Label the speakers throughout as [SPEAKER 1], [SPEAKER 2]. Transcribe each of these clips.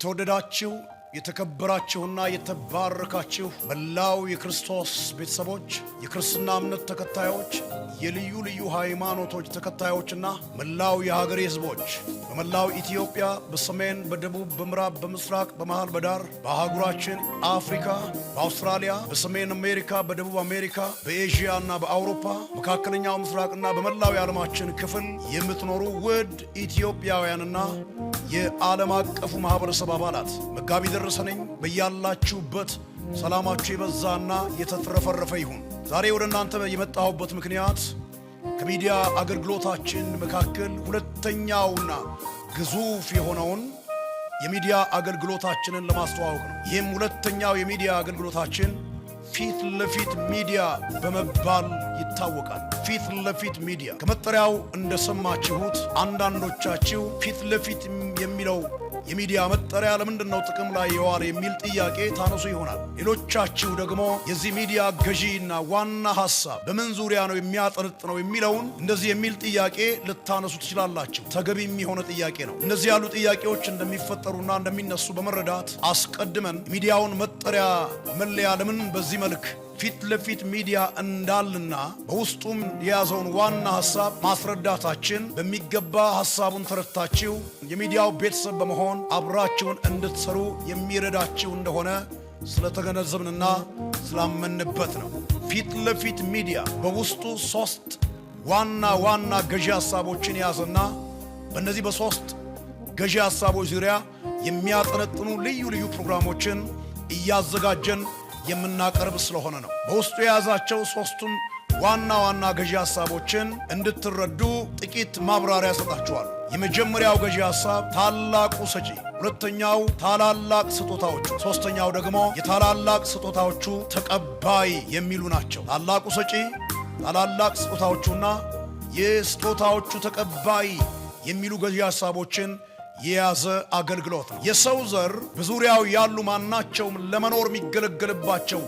[SPEAKER 1] የተወደዳችሁ የተከበራችሁና የተባረካችሁ መላው የክርስቶስ ቤተሰቦች፣ የክርስትና እምነት ተከታዮች፣ የልዩ ልዩ ሃይማኖቶች ተከታዮችና መላው የሀገሬ ሕዝቦች በመላው ኢትዮጵያ፣ በሰሜን፣ በደቡብ፣ በምዕራብ፣ በምስራቅ፣ በመሃል፣ በዳር፣ በአህጉራችን አፍሪካ፣ በአውስትራሊያ፣ በሰሜን አሜሪካ፣ በደቡብ አሜሪካ፣ በኤዥያ እና በአውሮፓ፣ መካከለኛው ምስራቅና በመላው የዓለማችን ክፍል የምትኖሩ ውድ ኢትዮጵያውያንና የዓለም አቀፉ ማህበረሰብ አባላት መጋቢ ደረሰ ነኝ። በያላችሁበት ሰላማችሁ የበዛና የተትረፈረፈ ይሁን። ዛሬ ወደ እናንተ የመጣሁበት ምክንያት ከሚዲያ አገልግሎታችን መካከል ሁለተኛውና ግዙፍ የሆነውን የሚዲያ አገልግሎታችንን ለማስተዋወቅ ነው። ይህም ሁለተኛው የሚዲያ አገልግሎታችን ፊት ለፊት ሚዲያ በመባል ይታወቃል። ፊት ለፊት ሚዲያ ከመጠሪያው እንደሰማችሁት አንዳንዶቻችሁ ፊት ለፊት የሚለው የሚዲያ መጠሪያ ለምንድን ነው ጥቅም ላይ የዋለ የሚል ጥያቄ ታነሱ ይሆናል። ሌሎቻችሁ ደግሞ የዚህ ሚዲያ ገዢና ዋና ሐሳብ በምን ዙሪያ ነው የሚያጠነጥነው የሚለውን እንደዚህ የሚል ጥያቄ ልታነሱ ትችላላችሁ። ተገቢ የሆነ ጥያቄ ነው። እነዚህ ያሉ ጥያቄዎች እንደሚፈጠሩና እንደሚነሱ በመረዳት አስቀድመን ሚዲያውን መጠሪያ መለያ ለምን በዚህ መልክ ፊት ለፊት ሚዲያ እንዳልና በውስጡም የያዘውን ዋና ሀሳብ ማስረዳታችን በሚገባ ሀሳቡን ተረድታችሁ የሚዲያው ቤተሰብ በመሆን አብራችሁን እንድትሰሩ የሚረዳችሁ እንደሆነ ስለተገነዘብንና ስላመንበት ነው። ፊት ለፊት ሚዲያ በውስጡ ሶስት ዋና ዋና ገዢ ሀሳቦችን የያዘና በእነዚህ በሶስት ገዢ ሀሳቦች ዙሪያ የሚያጠነጥኑ ልዩ ልዩ ፕሮግራሞችን እያዘጋጀን የምናቀርብ ስለሆነ ነው። በውስጡ የያዛቸው ሦስቱን ዋና ዋና ገዢ ሐሳቦችን እንድትረዱ ጥቂት ማብራሪያ ሰጣችኋል። የመጀመሪያው ገዢ ሐሳብ ታላቁ ሰጪ፣ ሁለተኛው ታላላቅ ስጦታዎቹ፣ ሦስተኛው ደግሞ የታላላቅ ስጦታዎቹ ተቀባይ የሚሉ ናቸው። ታላቁ ሰጪ፣ ታላላቅ ስጦታዎቹና የስጦታዎቹ ተቀባይ የሚሉ ገዢ ሐሳቦችን የያዘ አገልግሎት ነው። የሰው ዘር በዙሪያው ያሉ ማናቸውም ለመኖር የሚገለገልባቸው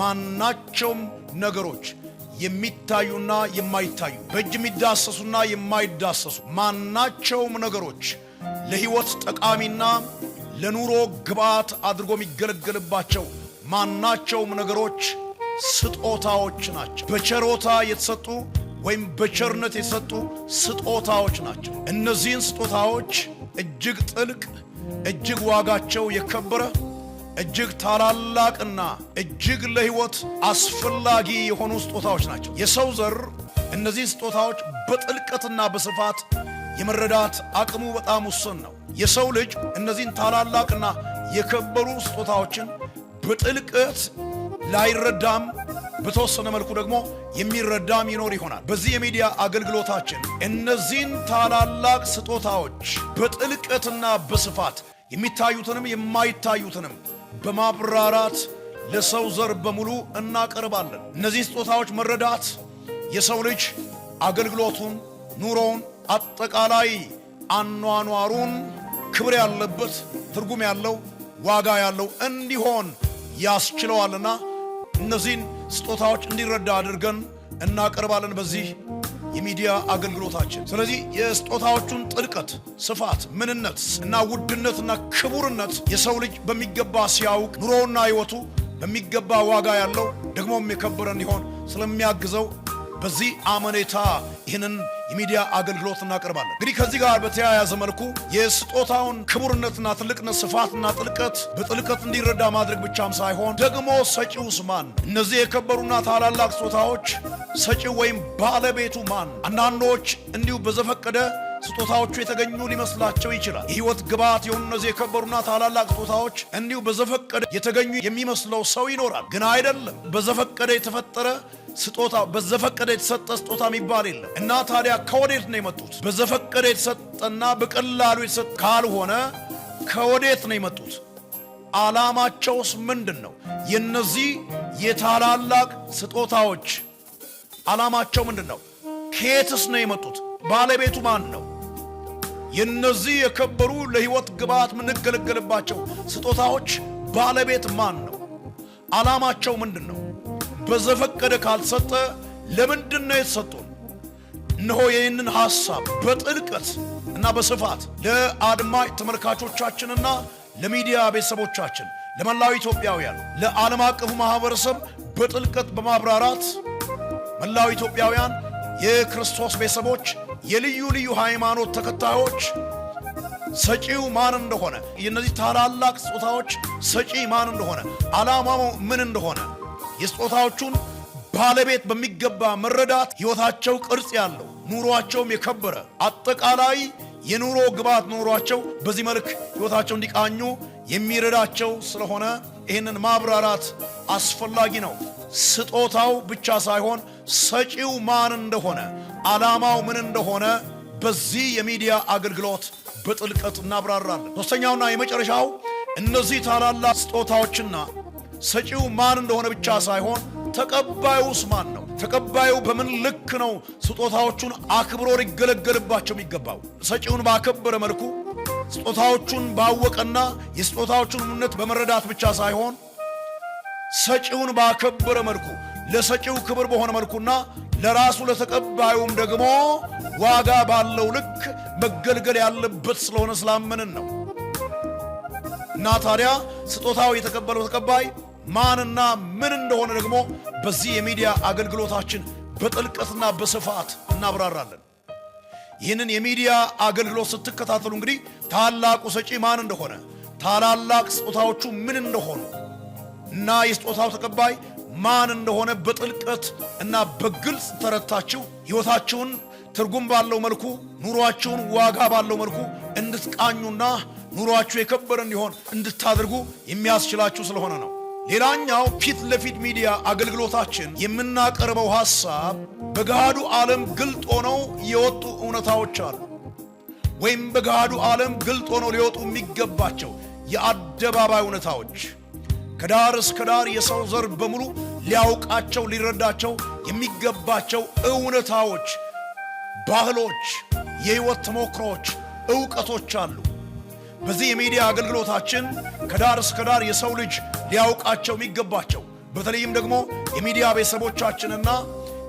[SPEAKER 1] ማናቸውም ነገሮች የሚታዩና የማይታዩ በእጅ የሚዳሰሱና የማይዳሰሱ ማናቸውም ነገሮች ለሕይወት ጠቃሚና ለኑሮ ግብዓት አድርጎ የሚገለገልባቸው ማናቸውም ነገሮች ስጦታዎች ናቸው። በቸሮታ የተሰጡ ወይም በቸርነት የተሰጡ ስጦታዎች ናቸው። እነዚህን ስጦታዎች እጅግ ጥልቅ እጅግ ዋጋቸው የከበረ እጅግ ታላላቅና እጅግ ለሕይወት አስፈላጊ የሆኑ ስጦታዎች ናቸው። የሰው ዘር እነዚህ ስጦታዎች በጥልቀትና በስፋት የመረዳት አቅሙ በጣም ውስን ነው። የሰው ልጅ እነዚህን ታላላቅና የከበሩ ስጦታዎችን በጥልቀት ላይረዳም በተወሰነ መልኩ ደግሞ የሚረዳም ይኖር ይሆናል። በዚህ የሚዲያ አገልግሎታችን እነዚህን ታላላቅ ስጦታዎች በጥልቀትና በስፋት የሚታዩትንም የማይታዩትንም በማብራራት ለሰው ዘር በሙሉ እናቀርባለን። እነዚህ ስጦታዎች መረዳት የሰው ልጅ አገልግሎቱን፣ ኑሮውን፣ አጠቃላይ አኗኗሩን ክብር ያለበት ትርጉም ያለው ዋጋ ያለው እንዲሆን ያስችለዋልና እነዚህን ስጦታዎች እንዲረዳ አድርገን እናቀርባለን በዚህ የሚዲያ አገልግሎታችን። ስለዚህ የስጦታዎቹን ጥልቀት፣ ስፋት፣ ምንነት እና ውድነትና ክቡርነት የሰው ልጅ በሚገባ ሲያውቅ ኑሮውና ሕይወቱ በሚገባ ዋጋ ያለው ደግሞም የከበረ እንዲሆን ስለሚያግዘው በዚህ አመኔታ ይህንን የሚዲያ አገልግሎት እናቀርባለን። እንግዲህ ከዚህ ጋር በተያያዘ መልኩ የስጦታውን ክቡርነትና ትልቅነት ስፋትና ጥልቀት በጥልቀት እንዲረዳ ማድረግ ብቻም ሳይሆን ደግሞ ሰጪውስ ማን? እነዚህ የከበሩና ታላላቅ ስጦታዎች ሰጪው ወይም ባለቤቱ ማን? አንዳንዶች እንዲሁ በዘፈቀደ ስጦታዎቹ የተገኙ ሊመስላቸው ይችላል። የህይወት ግብዓት የሆኑ እነዚህ የከበሩና ታላላቅ ስጦታዎች እንዲሁ በዘፈቀደ የተገኙ የሚመስለው ሰው ይኖራል። ግን አይደለም። በዘፈቀደ የተፈጠረ ስጦታ በዘፈቀደ የተሰጠ ስጦታ የሚባል የለም። እና ታዲያ ከወዴት ነው የመጡት? በዘፈቀደ የተሰጠና በቀላሉ የተሰጠ ካልሆነ ከወዴት ነው የመጡት? ዓላማቸውስ ምንድን ነው? የነዚህ የታላላቅ ስጦታዎች ዓላማቸው ምንድን ነው? ከየትስ ነው የመጡት? ባለቤቱ ማን ነው? የነዚህ የከበሩ ለሕይወት ግብዓት የምንገለገልባቸው ስጦታዎች ባለቤት ማን ነው? ዓላማቸው ምንድን ነው? በዘፈቀደ ካልሰጠ ለምንድን ነው የተሰጡን? እነሆ ይህንን ሐሳብ በጥልቀት እና በስፋት ለአድማጭ ተመልካቾቻችንና ለሚዲያ ቤተሰቦቻችን ለመላው ኢትዮጵያውያን ለዓለም አቀፉ ማህበረሰብ በጥልቀት በማብራራት መላው ኢትዮጵያውያን የክርስቶስ ቤተሰቦች የልዩ ልዩ ሃይማኖት ተከታዮች ሰጪው ማን እንደሆነ የእነዚህ ታላላቅ ስጦታዎች ሰጪ ማን እንደሆነ ዓላማው ምን እንደሆነ የስጦታዎቹን ባለቤት በሚገባ መረዳት ሕይወታቸው ቅርጽ ያለው ኑሯቸውም የከበረ አጠቃላይ የኑሮ ግብዓት ኑሯቸው በዚህ መልክ ሕይወታቸው እንዲቃኙ የሚረዳቸው ስለሆነ ይህንን ማብራራት አስፈላጊ ነው። ስጦታው ብቻ ሳይሆን ሰጪው ማን እንደሆነ ዓላማው ምን እንደሆነ በዚህ የሚዲያ አገልግሎት በጥልቀት እናብራራለን። ሶስተኛውና የመጨረሻው እነዚህ ታላላ ስጦታዎችና ሰጪው ማን እንደሆነ ብቻ ሳይሆን ተቀባዩስ ማን ነው? ተቀባዩ በምን ልክ ነው ስጦታዎቹን አክብሮ ሊገለገልባቸው የሚገባው? ሰጪውን ባከበረ መልኩ ስጦታዎቹን ባወቀና የስጦታዎቹን እምነት በመረዳት ብቻ ሳይሆን ሰጪውን ባከበረ መልኩ ለሰጪው ክብር በሆነ መልኩና ለራሱ ለተቀባዩም ደግሞ ዋጋ ባለው ልክ መገልገል ያለበት ስለሆነ ስላመንን ነው። እና ታዲያ ስጦታው የተቀበለው ተቀባይ ማንና ምን እንደሆነ ደግሞ በዚህ የሚዲያ አገልግሎታችን በጥልቀትና በስፋት እናብራራለን። ይህንን የሚዲያ አገልግሎት ስትከታተሉ እንግዲህ ታላቁ ሰጪ ማን እንደሆነ፣ ታላላቅ ስጦታዎቹ ምን እንደሆኑ እና የስጦታው ተቀባይ ማን እንደሆነ በጥልቀት እና በግልጽ ተረድታችሁ ሕይወታችሁን ትርጉም ባለው መልኩ ኑሯችሁን ዋጋ ባለው መልኩ እንድትቃኙና ኑሯችሁ የከበረ እንዲሆን እንድታደርጉ የሚያስችላችሁ ስለሆነ ነው። ሌላኛው ፊት ለፊት ሚዲያ አገልግሎታችን የምናቀርበው ሐሳብ በገሃዱ ዓለም ግልጥ ሆነው የወጡ እውነታዎች አሉ ወይም በገሃዱ ዓለም ግልጥ ሆነው ሊወጡ የሚገባቸው የአደባባይ እውነታዎች ከዳር እስከ ዳር የሰው ዘር በሙሉ ሊያውቃቸው ሊረዳቸው የሚገባቸው እውነታዎች፣ ባህሎች፣ የሕይወት ተሞክሮዎች፣ እውቀቶች አሉ። በዚህ የሚዲያ አገልግሎታችን ከዳር እስከ ዳር የሰው ልጅ ሊያውቃቸው የሚገባቸው በተለይም ደግሞ የሚዲያ ቤተሰቦቻችንና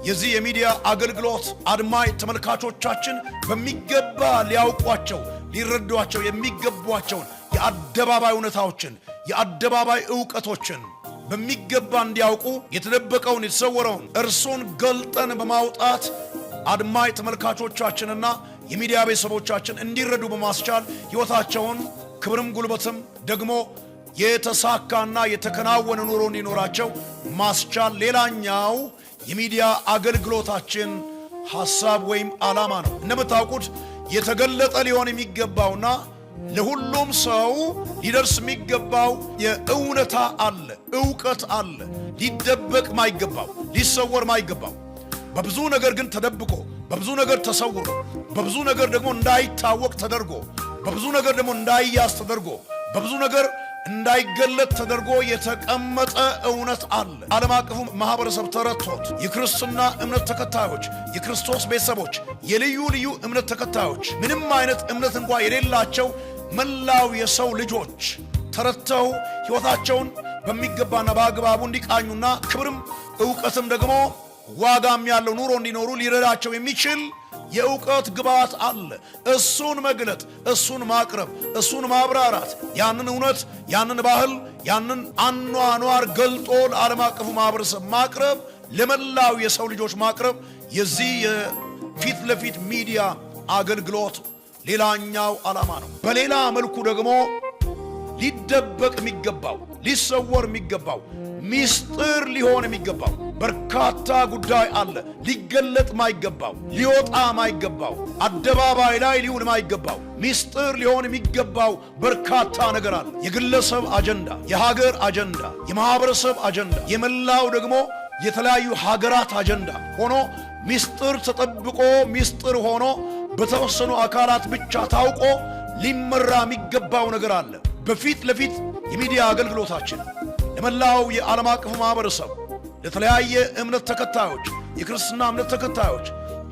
[SPEAKER 1] የዚህ የሚዲያ አገልግሎት አድማይ ተመልካቾቻችን በሚገባ ሊያውቋቸው ሊረዷቸው የሚገቧቸውን የአደባባይ እውነታዎችን የአደባባይ እውቀቶችን በሚገባ እንዲያውቁ የተደበቀውን የተሰወረውን እርሶን ገልጠን በማውጣት አድማጭ ተመልካቾቻችንና የሚዲያ ቤተሰቦቻችን እንዲረዱ በማስቻል ሕይወታቸውን ክብርም ጉልበትም ደግሞ የተሳካና የተከናወነ ኑሮ እንዲኖራቸው ማስቻል ሌላኛው የሚዲያ አገልግሎታችን ሐሳብ ወይም ዓላማ ነው። እንደምታውቁት የተገለጠ ሊሆን የሚገባውና ለሁሉም ሰው ሊደርስ የሚገባው የእውነታ አለ፣ እውቀት አለ። ሊደበቅ ማይገባው፣ ሊሰወር ማይገባው፣ በብዙ ነገር ግን ተደብቆ፣ በብዙ ነገር ተሰውሮ፣ በብዙ ነገር ደግሞ እንዳይታወቅ ተደርጎ፣ በብዙ ነገር ደግሞ እንዳይያዝ ተደርጎ፣ በብዙ ነገር እንዳይገለጥ ተደርጎ የተቀመጠ እውነት አለ። ዓለም አቀፉ ማህበረሰብ ተረቶት የክርስትና እምነት ተከታዮች፣ የክርስቶስ ቤተሰቦች፣ የልዩ ልዩ እምነት ተከታዮች ምንም አይነት እምነት እንኳ የሌላቸው መላው የሰው ልጆች ተረድተው ሕይወታቸውን በሚገባና በአግባቡ እንዲቃኙና ክብርም እውቀትም ደግሞ ዋጋም ያለው ኑሮ እንዲኖሩ ሊረዳቸው የሚችል የእውቀት ግብዓት አለ። እሱን መግለጥ፣ እሱን ማቅረብ፣ እሱን ማብራራት፣ ያንን እውነት፣ ያንን ባህል፣ ያንን አኗኗር ገልጦ ለዓለም አቀፉ ማህበረሰብ ማቅረብ፣ ለመላው የሰው ልጆች ማቅረብ የዚህ የፊት ለፊት ሚዲያ አገልግሎት ሌላኛው ዓላማ ነው። በሌላ መልኩ ደግሞ ሊደበቅ የሚገባው ሊሰወር የሚገባው ሚስጥር ሊሆን የሚገባው በርካታ ጉዳይ አለ። ሊገለጥ ማይገባው፣ ሊወጣ ማይገባው፣ አደባባይ ላይ ሊውል ማይገባው፣ ሚስጥር ሊሆን የሚገባው በርካታ ነገር አለ። የግለሰብ አጀንዳ፣ የሀገር አጀንዳ፣ የማህበረሰብ አጀንዳ፣ የመላው ደግሞ የተለያዩ ሀገራት አጀንዳ ሆኖ ሚስጥር ተጠብቆ ሚስጥር ሆኖ በተወሰኑ አካላት ብቻ ታውቆ ሊመራ የሚገባው ነገር አለ። በፊት ለፊት የሚዲያ አገልግሎታችን ለመላው የዓለም አቀፍ ማህበረሰብ፣ ለተለያየ እምነት ተከታዮች፣ የክርስትና እምነት ተከታዮች፣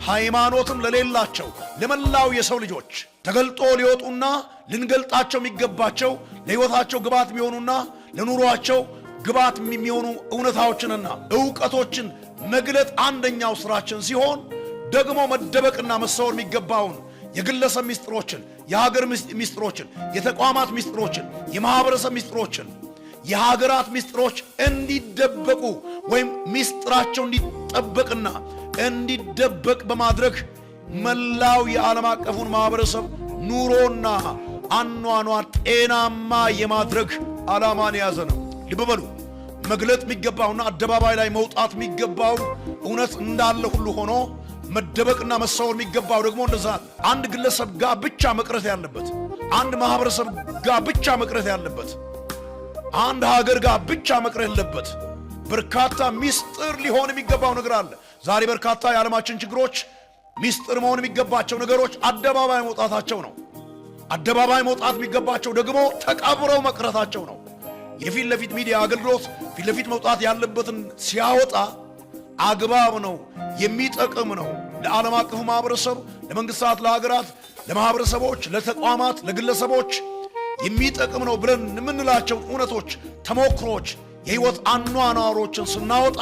[SPEAKER 1] ሃይማኖትም ለሌላቸው ለመላው የሰው ልጆች ተገልጦ ሊወጡና ልንገልጣቸው የሚገባቸው ለሕይወታቸው ግባት የሚሆኑና ለኑሯቸው ግባት የሚሆኑ እውነታዎችንና እውቀቶችን መግለጥ አንደኛው ስራችን ሲሆን ደግሞ መደበቅና መሰወር የሚገባውን የግለሰብ ምስጢሮችን፣ የሀገር ምስጢሮችን፣ የተቋማት ምስጢሮችን፣ የማህበረሰብ ምስጢሮችን፣ የሀገራት ምስጢሮች እንዲደበቁ ወይም ምስጢራቸው እንዲጠበቅና እንዲደበቅ በማድረግ መላው የዓለም አቀፉን ማህበረሰብ ኑሮና አኗኗር ጤናማ የማድረግ ዓላማን የያዘ ነው። ልብ በሉ። መግለጥ የሚገባውና አደባባይ ላይ መውጣት የሚገባው እውነት እንዳለ ሁሉ ሆኖ መደበቅና መሰወር የሚገባው ደግሞ እንደዛ አንድ ግለሰብ ጋር ብቻ መቅረት ያለበት፣ አንድ ማህበረሰብ ጋር ብቻ መቅረት ያለበት፣ አንድ ሀገር ጋር ብቻ መቅረት ያለበት። በርካታ ሚስጥር ሊሆን የሚገባው ነገር አለ። ዛሬ በርካታ የዓለማችን ችግሮች ሚስጥር መሆን የሚገባቸው ነገሮች አደባባይ መውጣታቸው ነው። አደባባይ መውጣት የሚገባቸው ደግሞ ተቀብረው መቅረታቸው ነው። የፊት ለፊት ሚዲያ አገልግሎት ፊት ለፊት መውጣት ያለበትን ሲያወጣ አግባብ ነው፣ የሚጠቅም ነው፣ ለዓለም አቀፉ ማህበረሰብ፣ ለመንግስታት፣ ለሀገራት፣ ለማህበረሰቦች፣ ለተቋማት፣ ለግለሰቦች የሚጠቅም ነው ብለን የምንላቸውን እውነቶች፣ ተሞክሮች፣ የህይወት አኗኗሮችን ስናወጣ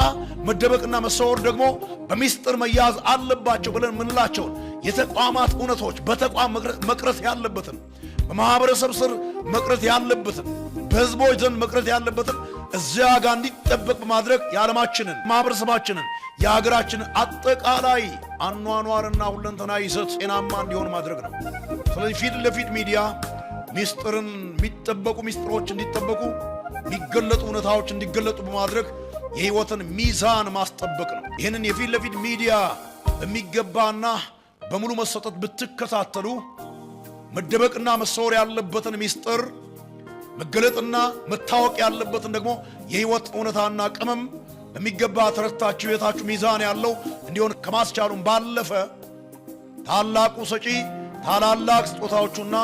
[SPEAKER 1] መደበቅና መሰወር ደግሞ በሚስጥር መያዝ አለባቸው ብለን የምንላቸውን የተቋማት እውነቶች በተቋም መቅረት ያለበትን በማህበረሰብ ስር መቅረት ያለበትን በህዝቦች ዘንድ መቅረት ያለበትን እዚያ ጋር እንዲጠበቅ በማድረግ የዓለማችንን ማህበረሰባችንን የሀገራችንን አጠቃላይ አኗኗርና ሁለንተና ይዘት ጤናማ እንዲሆን ማድረግ ነው። ስለዚህ ፊት ለፊት ሚዲያ ሚስጥርን የሚጠበቁ ሚስጥሮች እንዲጠበቁ የሚገለጡ እውነታዎች እንዲገለጡ በማድረግ የህይወትን ሚዛን ማስጠበቅ ነው። ይህንን የፊት ለፊት ሚዲያ በሚገባና በሙሉ መሰጠት ብትከታተሉ መደበቅና መሰወር ያለበትን ሚስጥር መገለጥና መታወቅ ያለበትን ደግሞ የህይወት እውነታና ቅመም በሚገባ ተረታችሁ የታችሁ ሚዛን ያለው እንዲሆን ከማስቻሉም ባለፈ ታላቁ ሰጪ ታላላቅ ስጦታዎቹና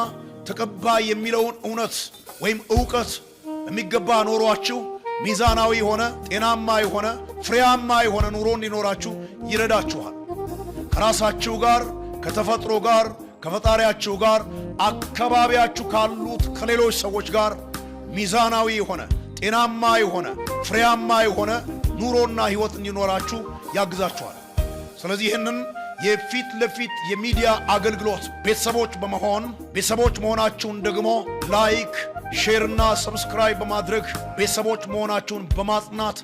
[SPEAKER 1] ተቀባይ የሚለውን እውነት ወይም እውቀት በሚገባ ኖሯችሁ ሚዛናዊ የሆነ ጤናማ የሆነ ፍሬያማ የሆነ ኑሮ እንዲኖራችሁ ይረዳችኋል። ከራሳችሁ ጋር ከተፈጥሮ ጋር ከፈጣሪያችሁ ጋር አካባቢያችሁ ካሉት ከሌሎች ሰዎች ጋር ሚዛናዊ የሆነ ጤናማ የሆነ ፍሬያማ የሆነ ኑሮና ሕይወት እንዲኖራችሁ ያግዛችኋል። ስለዚህ ይህንን የፊት ለፊት የሚዲያ አገልግሎት ቤተሰቦች በመሆን ቤተሰቦች መሆናችሁን ደግሞ ላይክ፣ ሼርና ሰብስክራይብ በማድረግ ቤተሰቦች መሆናችሁን በማጽናት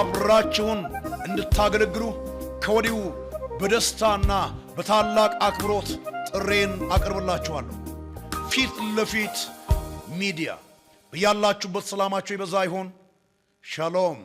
[SPEAKER 1] አብራችሁን እንድታገለግሉ ከወዲሁ በደስታና በታላቅ አክብሮት ጥሬን አቀርብላችኋለሁ። ፊት ለፊት ሚዲያ። በያላችሁበት ሰላማችሁ ይበዛ ይሆን። ሻሎም